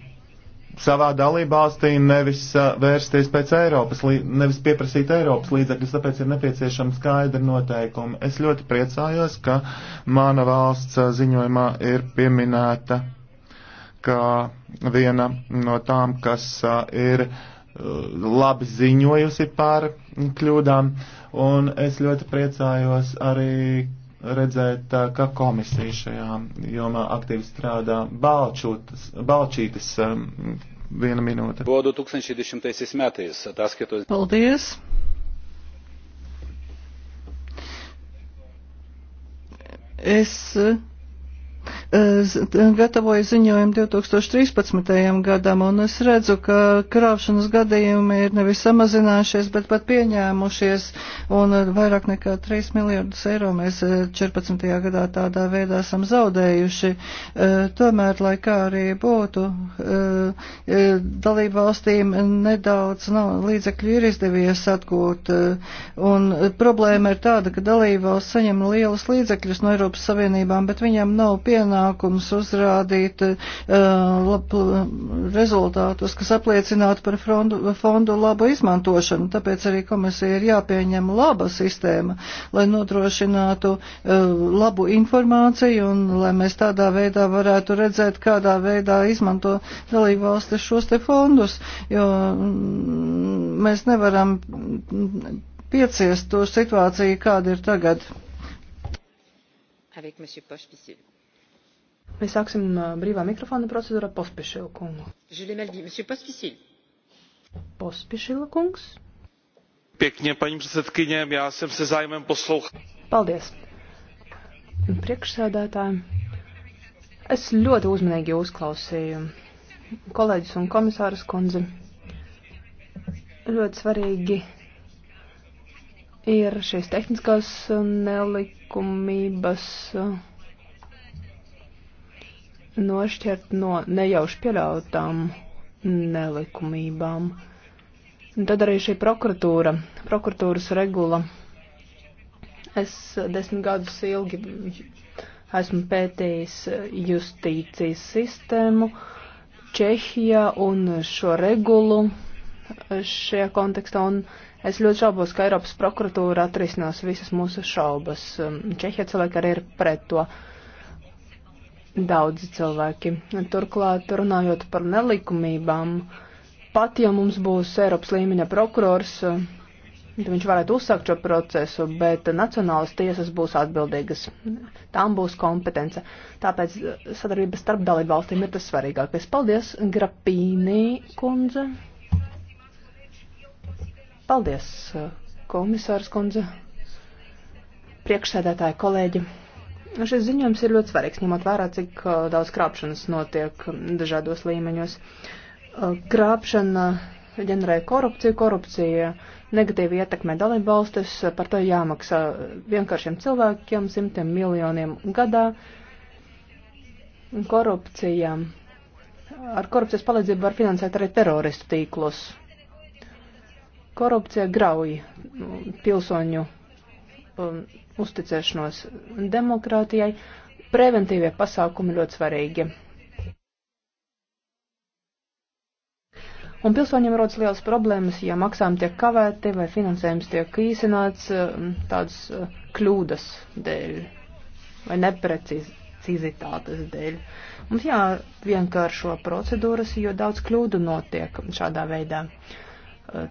savā dalībvalstī, nevis vērsties pēc Eiropas, nevis pieprasīt Eiropas līdzekļus, tāpēc ir nepieciešama skaidra noteikuma. Es ļoti priecājos, ka mana valsts ziņojumā ir pieminēta kā viena no tām, kas ir labi ziņojusi par kļūdām, un es ļoti priecājos arī redzēt, ka komisija šajā jomā aktīvi strādā Balčūtas, Balčītis viena minūte. Paldies! Es Eh, gatavoju ziņojumu 2013. gadam, un es redzu, ka krāpšanas gadījumi ir nevis samazinājušies, bet pat pieņēmušies, un eh, vairāk nekā 3 miljardus eiro mēs 14. Eh, gadā tādā veidā esam zaudējuši. Tomēr, lai kā arī būtu, dalību valstīm nedaudz no, līdzekļu ir izdevies atgūt, un problēma ir tāda, ka dalību valsts saņem lielus līdzekļus no Eiropas Savienībām, bet viņam nav pienākumu panākumus, uzrādīt eh, lab, rezultātus, kas apliecinātu par fondu, fondu labu izmantošanu. Tāpēc arī komisija ir jāpieņem laba sistēma, lai nodrošinātu eh, labu informāciju un lai mēs tādā veidā varētu redzēt, kādā veidā izmanto dalībvalstis šos te fondus, jo mm, mēs nevaram mm, pieciest to situāciju, kāda ir tagad. Avec Monsieur Poche, Mēs sāksim uh, brīvā mikrofona procedūra Pospišila kungu. Pospišila kungs. Pěkně, paní předsedkyně, já jsem se zájmem poslouchal. Paldies. Priekšsēdētāji, es ļoti uzmanīgi uzklausīju kolēģis un komisāras kundzi. Ļoti svarīgi ir šīs tehniskās nelikumības. Uh, nošķirt no nejauši pieļautām nelikumībām. Un tad arī šī prokuratūra, prokuratūras regula. Es desmit gadus ilgi esmu pētījis justīcijas sistēmu Čehijā un šo regulu šajā kontekstā, un es ļoti šaubos, ka Eiropas prokuratūra atrisinās visas mūsu šaubas. Čehijā cilvēki arī ir pret to. Uh, daudzi cilvēki. Turklāt, runājot par nelikumībām, pat ja mums būs Eiropas līmeņa prokurors, viņš varētu uzsākt šo procesu, bet nacionālas tiesas būs atbildīgas. Tām būs kompetence. Tāpēc sadarbības starp dalību valstīm ir tas svarīgākais. Paldies, Grapīnī kundze. Paldies, komisārs kundze. Priekšsēdētāji kolēģi. Šis ziņojums ir ļoti svarīgs, ņemot vērā, cik uh, daudz krāpšanas notiek dažādos līmeņos. Uh, krāpšana ģenerē korupciju, korupcija negatīvi ietekmē dalībvalstis, par to jāmaksā vienkāršiem cilvēkiem, simtiem miljoniem gadā. Korupcija. Ar korupcijas palīdzību var finansēt arī teroristu tīklus. Korupcija grauj pilsoņu um, uzticēšanos demokrātijai. Preventīvie pasākumi ļoti svarīgi. Un pilsoņiem rodas liels problēmas, ja maksājumi tiek kavēti vai finansējums tiek īsināts um, tādas uh, kļūdas dēļ vai neprecizitātes dēļ. Mums jāvienkāršo procedūras, jo daudz kļūdu notiek šādā veidā, uh,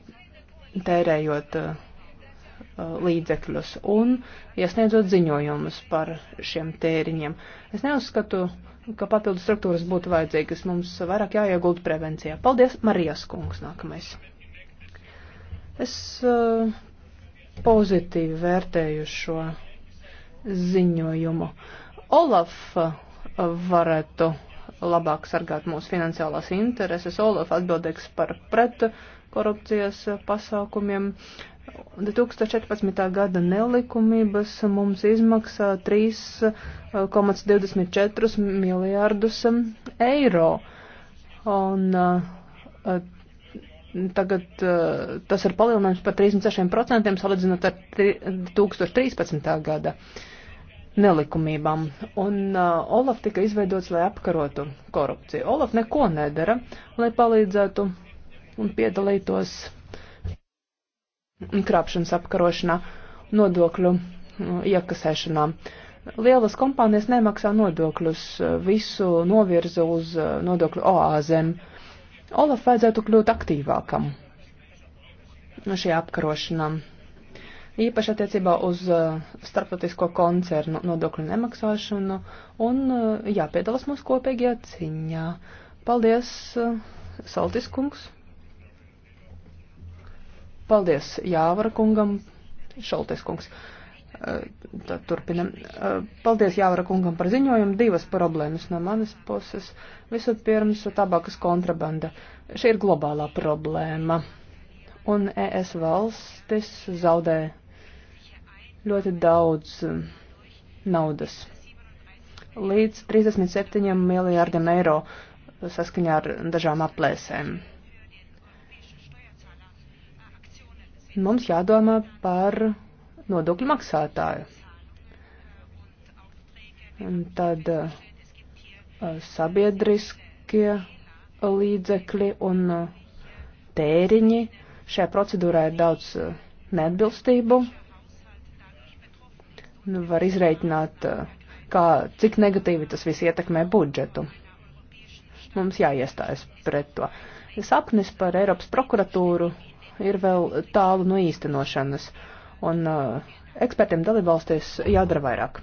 tērējot uh, Uh, līdzekļus un iesniedzot ziņojumus par šiem tēriņiem. Es neuzskatu, ka papildu struktūras būtu vajadzīgas. Mums vairāk jāiegulda prevencijā. Paldies, Marijas kungs, nākamais. Es uh, pozitīvi vērtēju šo ziņojumu. Olaf uh, varētu labāk sargāt mūsu finansiālās intereses. Olaf atbildīgs par pret korupcijas pasākumiem. 2014. gada nelikumības mums izmaksā 3,24 miljārdus eiro. Un eh, tagad eh, tas ir palielinājums par 36% salīdzinot ar 2013. gada nelikumībām. Un uh, Olaf tika izveidots, lai apkarotu korupciju. Olaf neko nedara, lai palīdzētu un piedalītos krāpšanas apkarošanā, nodokļu uh, iekasēšanā. Lielas kompānijas nemaksā nodokļus, uh, visu novirza uz uh, nodokļu oāzēm. Olaf vajadzētu kļūt aktīvākam šajā apkarošanā. Īpaši attiecībā uz starptautisko koncernu nodokļu nemaksāšanu un jāpiedalās mūsu kopīgajā ciņā. Paldies, Saltis kungs! Paldies Jāvara kungam, Šoltes kungs. Eh, Tā, turpinam. Eh, paldies Jāvara kungam par ziņojumu. Divas problēmas no manas puses. Vispirms tabakas kontrabanda. Šī ir globālā problēma. Un ES valstis zaudē ļoti daudz eh, naudas. Līdz 37 miljārdiem eiro saskaņā ar dažām aplēsēm Mums jādomā par nodokļu maksātāju. Un tad uh, sabiedriskie līdzekļi un uh, tēriņi. Šajā procedūrā ir daudz uh, neatbilstību. Nu, var izreikināt, kā, cik negatīvi tas viss ietekmē budžetu. Mums jāiestājas pret to. Sapnis par Eiropas prokuratūru ir vēl tālu no īstenošanas, un uh, ekspertiem dalībvalstīs jādara vairāk.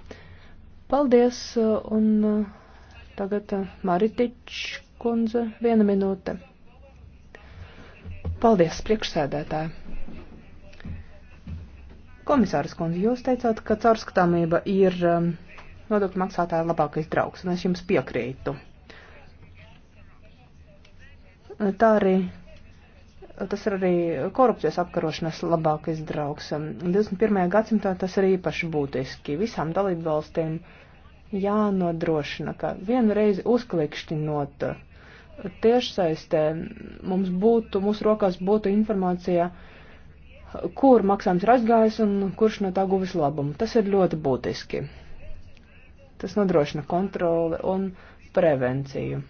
Paldies, uh, un uh, tagad uh, Maritič kundze, viena minūte. Paldies, priekšsēdētāji. Komisāras kundze, jūs teicāt, ka caurskatāmība ir um, nodokļu maksātāja labākais draugs, un es jums piekrītu. Tā arī tas ir arī korupcijas apkarošanas labākais draugs. 21. gadsimtā tas ir īpaši būtiski. Visām dalību valstīm jānodrošina, ka vienreiz uzklikšķinot tiešsaistē mums būtu, mūsu rokās būtu informācija, kur maksājums ir aizgājis un kurš no tā guvis labumu. Tas ir ļoti būtiski. Tas nodrošina kontroli un prevenciju.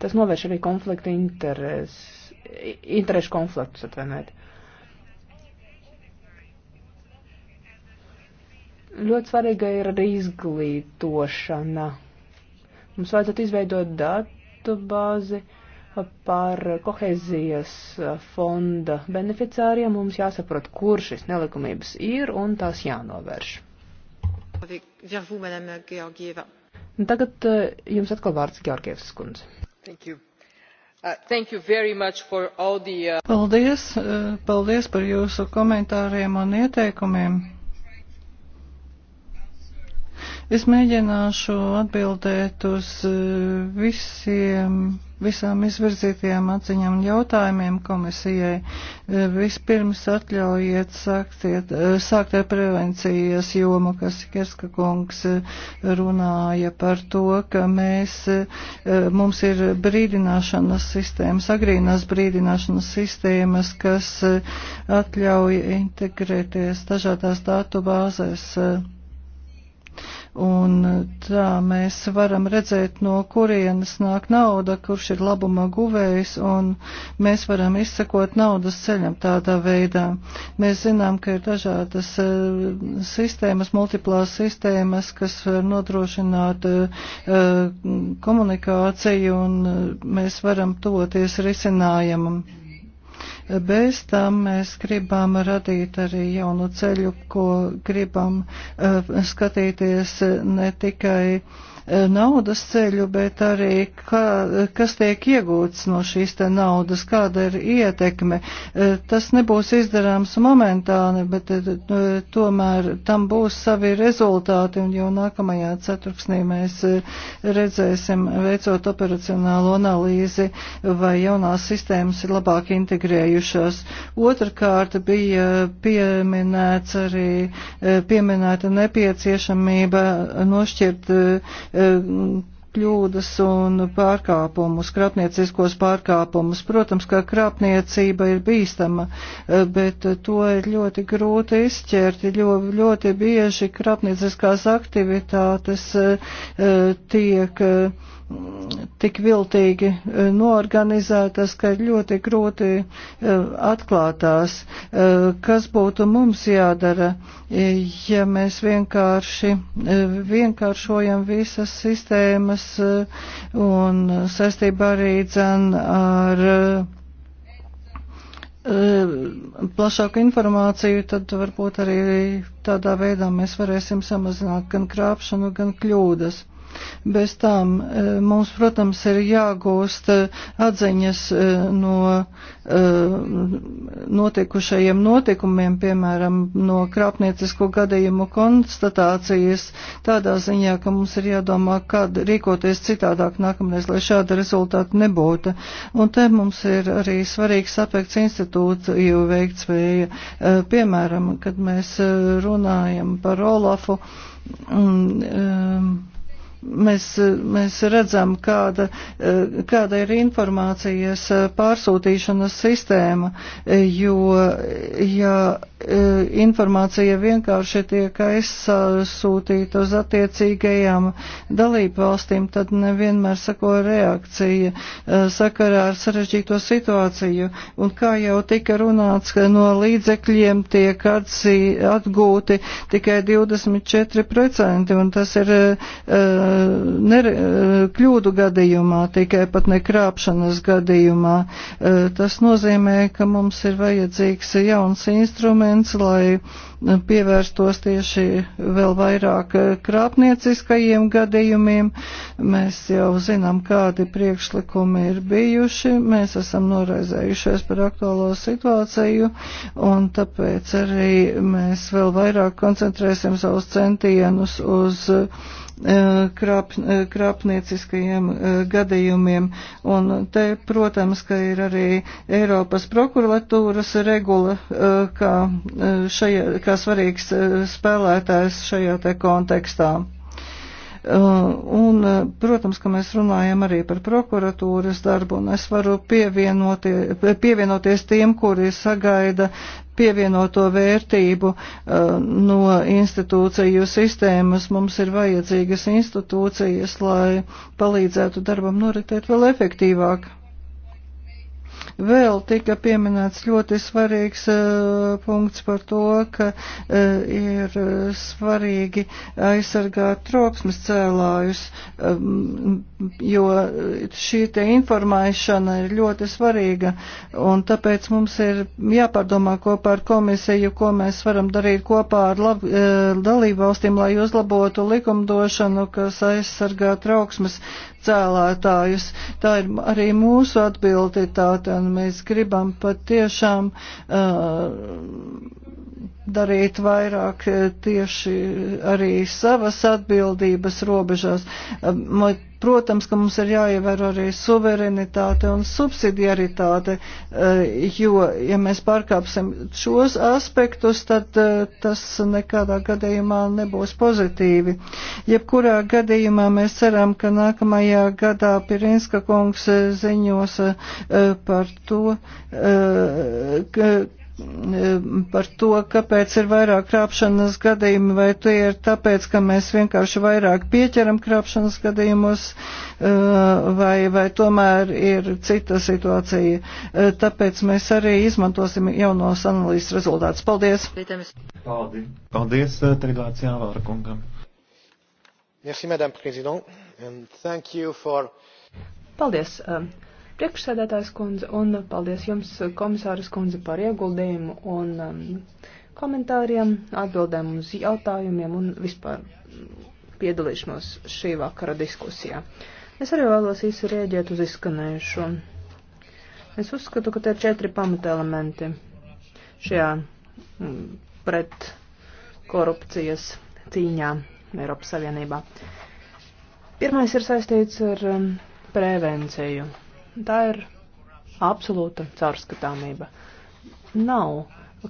Tas novērš arī konflikta intereses interešu konfliktus, atvainojiet. Ļoti svarīga ir arī izglītošana. Mums vajadzētu izveidot datu bāzi par kohēzijas fonda beneficāriem. Mums jāsaprot, kur šis nelikumības ir un tās jānovērš. Vers vous, Madame Georgieva. Tagad eh, jums atkal vārds Georgievs skundze. Thank you. Uh, the... Uh, paldies, uh, paldies par jūsu komentāriem un ieteikumiem. Es mēģināšu atbildēt uz visiem visām izvirzītajām atziņām un jautājumiem komisijai. E, vispirms atļaujiet sāktiet, e, sākt ar prevencijas jomu, kas Kerska kungs e, runāja par to, ka mēs, mums ir brīdināšanas sistēmas, agrīnās brīdināšanas sistēmas, kas atļauj integrēties dažādās datu bāzēs. Un tā mēs varam redzēt, no kurienes nāk nauda, kurš ir labuma guvējs, un mēs varam izsekot naudas ceļam tādā veidā. Mēs zinām, ka ir dažādas eh, sistēmas, multiplās sistēmas, kas var nodrošināt eh, komunikāciju, un eh, mēs varam toties risinājumam. Bez tam mēs gribam radīt arī jaunu ceļu, ko gribam eh, skatīties ne tikai E, naudas ceļu, bet arī kā, kas tiek iegūts no šīs te naudas, kāda ir ietekme. E, tas nebūs izdarāms momentāni, bet e, tomēr tam būs savi rezultāti, un jau nākamajā ceturksnī mēs redzēsim, veicot operacionālo analīzi, vai jaunās sistēmas ir labāk integrējušās. Otrakārt bija pieminēts arī pieminēta nepieciešamība nošķirt Um, kļūdas un pārkāpumus, krāpnieciskos pārkāpumus. Protams, ka krāpniecība ir bīstama, uh, bet to ir ļoti grūti izķert. Ļoti, ļoti bieži krāpnieciskās aktivitātes uh, uh, tiek tik viltīgi e, norganizētas, ka ļoti grūti e, atklātās. E, kas būtu mums jādara, ja mēs vienkārši vienkāršojam visas sistēmas un saistībā arī dzen ar plašāku informāciju, tad varbūt arī tādā veidā mēs varēsim samazināt gan krāpšanu, gan kļūdas. Bez tām eh, mums, protams, ir jāgūst eh, atziņas eh, no notikušajiem notikumiem, piemēram, no krāpniecisko gadījumu konstatācijas, tādā ziņā, ka mums ir jādomā, kad rīkoties citādāk nākamreiz, lai šāda rezultāta nebūtu. Un te mums ir arī svarīgs aspekts institūciju veiktspēja. Piemēram, kad mēs runājam par Olafu, un, um, mēs, mēs redzam, kāda, kāda ir informācijas pārsūtīšanas sistēma, jo, ja informācija vienkārši tiek aizsūtīta uz attiecīgajām dalību valstīm, tad nevienmēr sako reakcija sakarā ar sarežģīto situāciju. Un kā jau tika runāts, ka no līdzekļiem tiek atzī, atgūti tikai 24%, un tas ir uh, ner, kļūdu gadījumā, tikai pat ne krāpšanas gadījumā. E, tas nozīmē, ka mums ir vajadzīgs jauns instruments, lai pievērstos tieši vēl vairāk krāpnieciskajiem gadījumiem. Mēs jau zinām, kādi priekšlikumi ir bijuši. Mēs esam noraizējušies par aktuālo situāciju, un tāpēc arī mēs vēl vairāk koncentrēsim savus centienus uz e, krāp, eh, krāpnieciskajiem eh, gadījumiem. Un te, protams, ka ir arī Eiropas prokuratūras regula, eh, kā, šajā, kā svarīgs spēlētājs šajā te kontekstā. Uh, un, uh, protams, ka mēs runājam arī par prokuratūras darbu, un es varu pievienoties tiem, kuri sagaida pievienoto vērtību uh, no institūciju sistēmas. Mums ir vajadzīgas institūcijas, lai palīdzētu darbam noritēt vēl efektīvāk. Vēl tika pieminēts ļoti svarīgs eh, punkts par to, ka eh, ir svarīgi aizsargāt troksmes cēlājus, eh, jo šī te informēšana ir ļoti svarīga, un tāpēc mums ir jāpārdomā kopā ar komisiju, ko mēs varam darīt kopā ar lab, dalībvalstīm, lai uzlabotu likumdošanu, kas aizsargā trauksmes cēlētājus. Tā ir arī mūsu atbilditāte, un mēs gribam patiešām uh, darīt vairāk tieši arī savas atbildības robežās. Uh, Protams, ka mums ir jāievēro arī suverenitāte un subsidiaritāte, eh, jo, ja mēs pārkāpsim šos aspektus, tad eh, tas nekādā gadījumā nebūs pozitīvi. Jebkurā gadījumā mēs ceram, ka nākamajā gadā Pirinska kungs eh, ziņos par to, ka par to, kāpēc ir vairāk krāpšanas gadījumi, vai tie ir tāpēc, ka mēs vienkārši vairāk pieķeram krāpšanas gadījumus, vai, vai tomēr ir cita situācija. Tāpēc mēs arī izmantosim jaunos analīzes rezultātus. Paldies! Paldies, Paldies Trigāts Jāvāra kungam! Merci, Madame President, and thank you for. Paldies! Um, priekšsēdētājs kundze, un paldies jums, komisāras kundze, par ieguldījumu un um, komentāriem, atbildēm uz jautājumiem un vispār piedalīšanos šī vakara diskusijā. Es arī vēlos īsi rēģēt uz izskanējušo. Es uzskatu, ka te ir četri pamatelementi šajā mm, pret korupcijas cīņā Eiropas Savienībā. Pirmais ir saistīts ar um, prevenciju. Tā ir absolūta caurskatāmība. Nav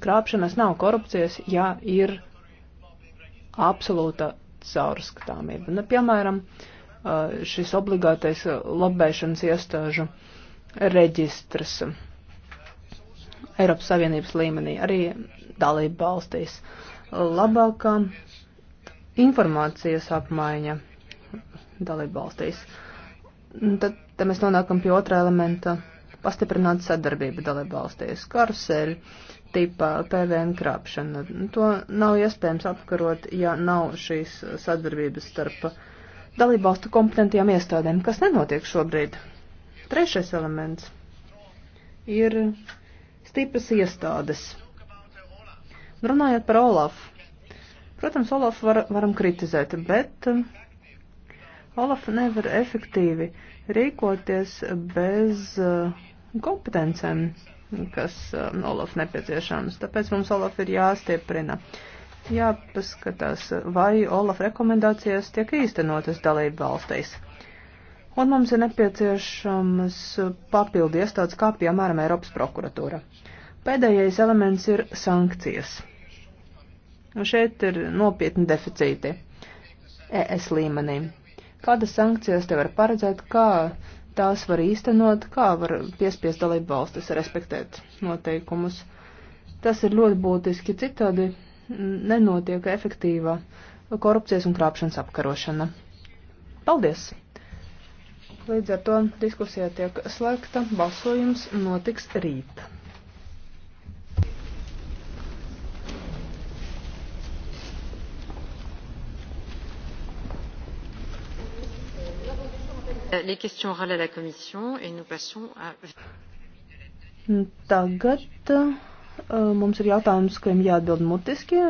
krāpšanas, nav korupcijas, ja ir absolūta caurskatāmība. Nu, piemēram, šis obligātais lobēšanas iestāžu reģistrs Eiropas Savienības līmenī, arī dalība valstīs. Labākā informācijas apmaiņa dalība valstīs. Uh, Tad, tad mēs nonākam pie otrā elementa - pastiprināta sadarbība dalībvalstīs, karuseļu tipā PVN krāpšana. To nav iespējams apkarot, ja nav šīs sadarbības starp dalībvalstu kompetentajām iestādēm, kas nenotiek šobrīd. Trešais elements ir stipras iestādes. Runājot par Olafu. Protams, Olafu var, varam kritizēt, bet Olaf nevar efektīvi rīkoties bez uh, kompetencēm, kas uh, Olaf nepieciešams. Tāpēc mums Olaf ir jāstieprina. Jāpaskatās, vai Olaf rekomendācijas tiek īstenotas dalību valstīs. Un mums ir nepieciešams papildu iestādes, kā piemēram Eiropas prokuratūra. Pēdējais elements ir sankcijas. Un šeit ir nopietni deficīti ES līmenī. Kādas sankcijas te var paredzēt, kā tās var īstenot, kā var piespiest dalību valstis respektēt noteikumus? Tas ir ļoti būtiski, citādi nenotiek efektīva korupcijas un krāpšanas apkarošana. Paldies! Līdz ar to diskusija tiek slēgta, balsojums notiks rīt. Euh, les questions orales à la Commission et nous passons à. Tagad euh, mums ir jautājums, kuriem jāatbild mutiski.